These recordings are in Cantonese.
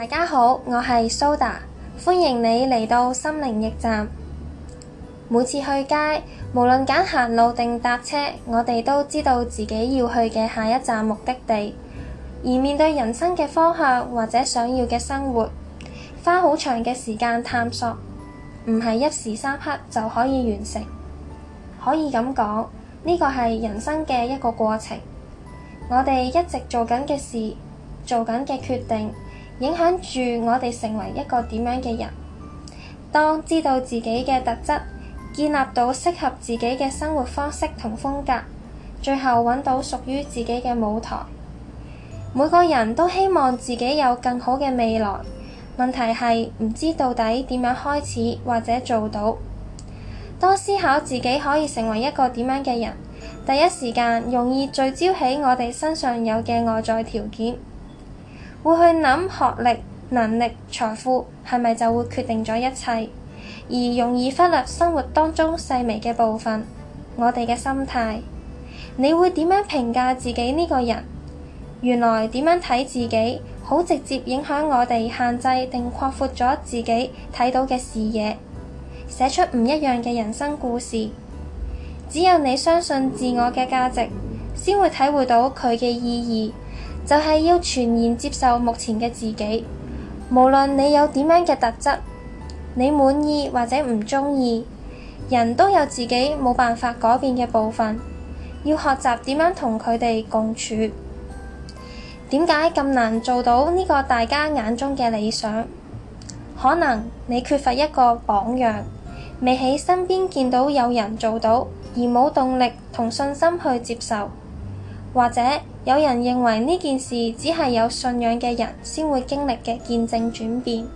大家好，我係蘇達，歡迎你嚟到心靈驛站。每次去街，無論揀行路定搭車，我哋都知道自己要去嘅下一站目的地。而面對人生嘅方向或者想要嘅生活，花好長嘅時間探索，唔係一時三刻就可以完成。可以咁講，呢、這個係人生嘅一個過程。我哋一直做緊嘅事，做緊嘅決定。影響住我哋成為一個點樣嘅人。當知道自己嘅特質，建立到適合自己嘅生活方式同風格，最後揾到屬於自己嘅舞台。每個人都希望自己有更好嘅未來，問題係唔知到底點樣開始或者做到。當思考自己可以成為一個點樣嘅人，第一時間容易聚焦喺我哋身上有嘅外在條件。會去諗學歷、能力、財富係咪就會決定咗一切，而容易忽略生活當中細微嘅部分。我哋嘅心態，你會點樣評價自己呢個人？原來點樣睇自己，好直接影響我哋限制定擴闊咗自己睇到嘅視野，寫出唔一樣嘅人生故事。只有你相信自我嘅價值，先會體會到佢嘅意義。就係要全然接受目前嘅自己，無論你有點樣嘅特質，你滿意或者唔鍾意，人都有自己冇辦法改變嘅部分，要學習點樣同佢哋共處。點解咁難做到呢個大家眼中嘅理想？可能你缺乏一個榜樣，未喺身邊見到有人做到，而冇動力同信心去接受，或者。有人認為呢件事只係有信仰嘅人先會經歷嘅見證轉變。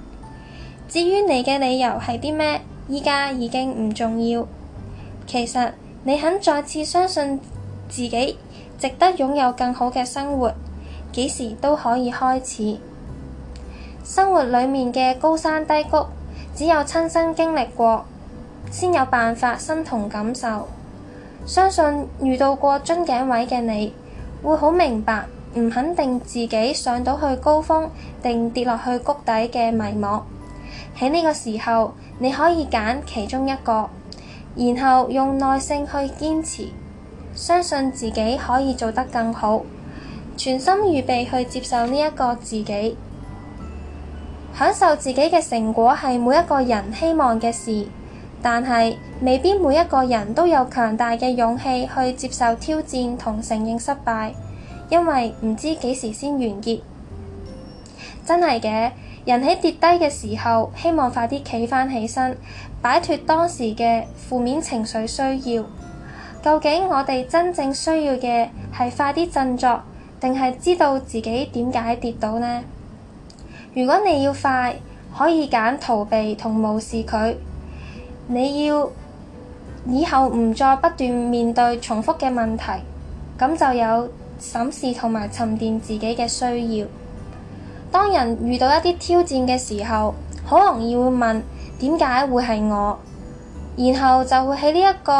至於你嘅理由係啲咩，依家已經唔重要。其實你肯再次相信自己，值得擁有更好嘅生活，幾時都可以開始。生活裏面嘅高山低谷，只有親身經歷過，先有辦法身同感受。相信遇到過樽頸位嘅你。會好明白，唔肯定自己上到去高峰定跌落去谷底嘅迷茫。喺呢個時候，你可以揀其中一個，然後用耐性去堅持，相信自己可以做得更好，全心預備去接受呢一個自己。享受自己嘅成果，係每一個人希望嘅事。但係未必每一個人都有強大嘅勇氣去接受挑戰同承認失敗，因為唔知幾時先完結。真係嘅，人喺跌低嘅時候，希望快啲企返起身，擺脫當時嘅負面情緒需要。究竟我哋真正需要嘅係快啲振作，定係知道自己點解跌倒呢？如果你要快，可以揀逃避同無視佢。你要以後唔再不斷面對重複嘅問題，咁就有審視同埋沉澱自己嘅需要。當人遇到一啲挑戰嘅時候，好容易會問點解會係我，然後就會喺呢一個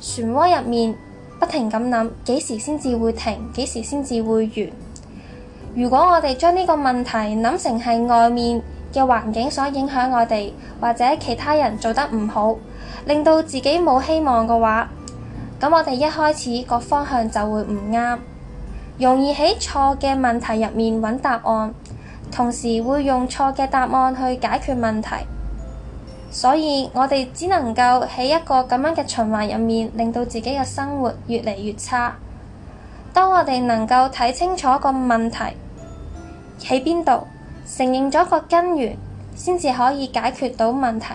漩渦入面不停咁諗，幾時先至會停，幾時先至會完。如果我哋將呢個問題諗成係外面，嘅環境所影響我哋，或者其他人做得唔好，令到自己冇希望嘅話，咁我哋一開始個方向就會唔啱，容易喺錯嘅問題入面搵答案，同時會用錯嘅答案去解決問題。所以我哋只能夠喺一個咁樣嘅循環入面，令到自己嘅生活越嚟越差。當我哋能夠睇清楚個問題喺邊度，承認咗個根源，先至可以解決到問題。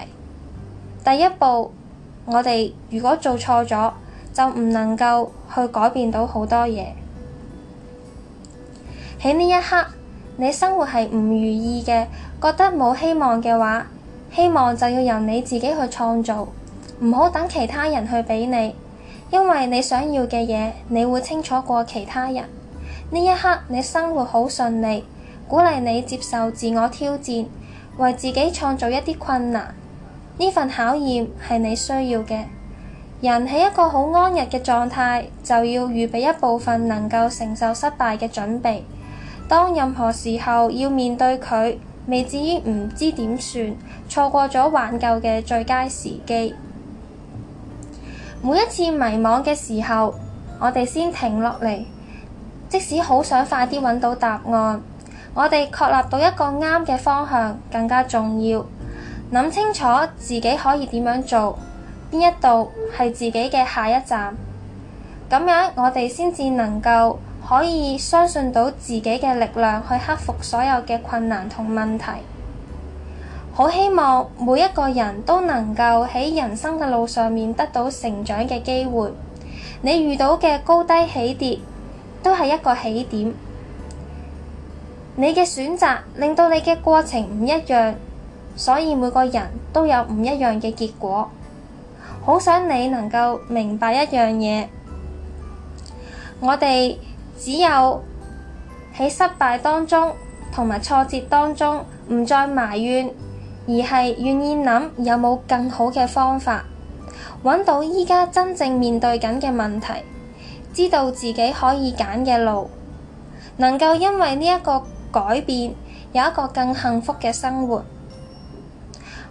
第一步，我哋如果做錯咗，就唔能夠去改變到好多嘢。喺呢一刻，你生活係唔如意嘅，覺得冇希望嘅話，希望就要由你自己去創造，唔好等其他人去畀你，因為你想要嘅嘢，你會清楚過其他人。呢一刻，你生活好順利。鼓勵你接受自我挑戰，為自己創造一啲困難。呢份考驗係你需要嘅。人喺一個好安逸嘅狀態，就要預備一部分能夠承受失敗嘅準備。當任何時候要面對佢，未至於唔知點算，錯過咗挽救嘅最佳時機。每一次迷茫嘅時候，我哋先停落嚟，即使好想快啲揾到答案。我哋確立到一個啱嘅方向更加重要，諗清楚自己可以點樣做，邊一度係自己嘅下一站，咁樣我哋先至能夠可以相信到自己嘅力量去克服所有嘅困難同問題。好希望每一個人都能夠喺人生嘅路上面得到成長嘅機會，你遇到嘅高低起跌都係一個起點。你嘅選擇令到你嘅過程唔一樣，所以每個人都有唔一樣嘅結果。好想你能夠明白一樣嘢，我哋只有喺失敗當中同埋挫折當中，唔再埋怨，而係願意諗有冇更好嘅方法，揾到而家真正面對緊嘅問題，知道自己可以揀嘅路，能夠因為呢一個改變，有一個更幸福嘅生活，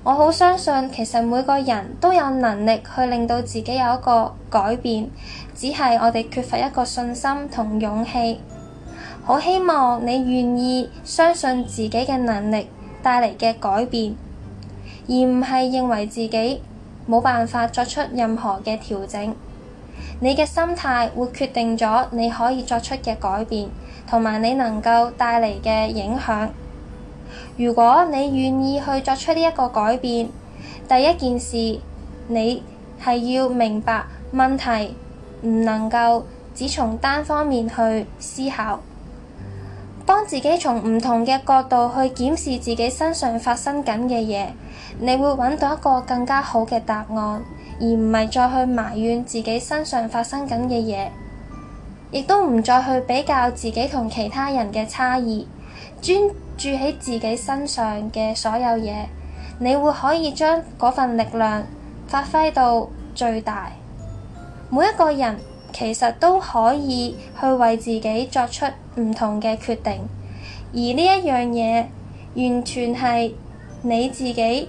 我好相信其實每個人都有能力去令到自己有一個改變，只係我哋缺乏一個信心同勇氣。好希望你願意相信自己嘅能力帶嚟嘅改變，而唔係認為自己冇辦法作出任何嘅調整。你嘅心態會決定咗你可以作出嘅改變。同埋你能夠帶嚟嘅影響。如果你願意去作出呢一個改變，第一件事你係要明白問題唔能夠只從單方面去思考，當自己從唔同嘅角度去檢視自己身上發生緊嘅嘢，你會揾到一個更加好嘅答案，而唔係再去埋怨自己身上發生緊嘅嘢。亦都唔再去比較自己同其他人嘅差異，專注喺自己身上嘅所有嘢，你會可以將嗰份力量發揮到最大。每一個人其實都可以去為自己作出唔同嘅決定，而呢一樣嘢完全係你自己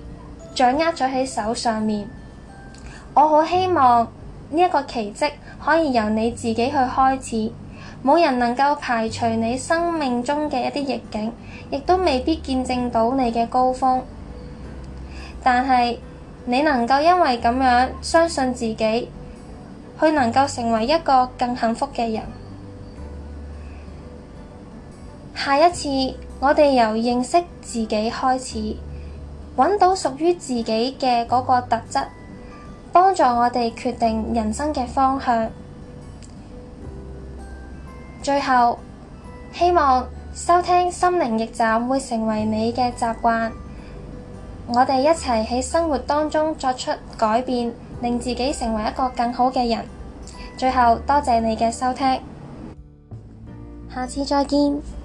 掌握咗喺手上面。我好希望。呢一個奇蹟可以由你自己去開始，冇人能夠排除你生命中嘅一啲逆境，亦都未必見證到你嘅高峰。但係你能夠因為咁樣相信自己，去能夠成為一個更幸福嘅人。下一次我哋由認識自己開始，揾到屬於自己嘅嗰個特質。幫助我哋決定人生嘅方向。最後，希望收聽心靈驛站會成為你嘅習慣。我哋一齊喺生活當中作出改變，令自己成為一個更好嘅人。最後，多謝你嘅收聽，下次再見。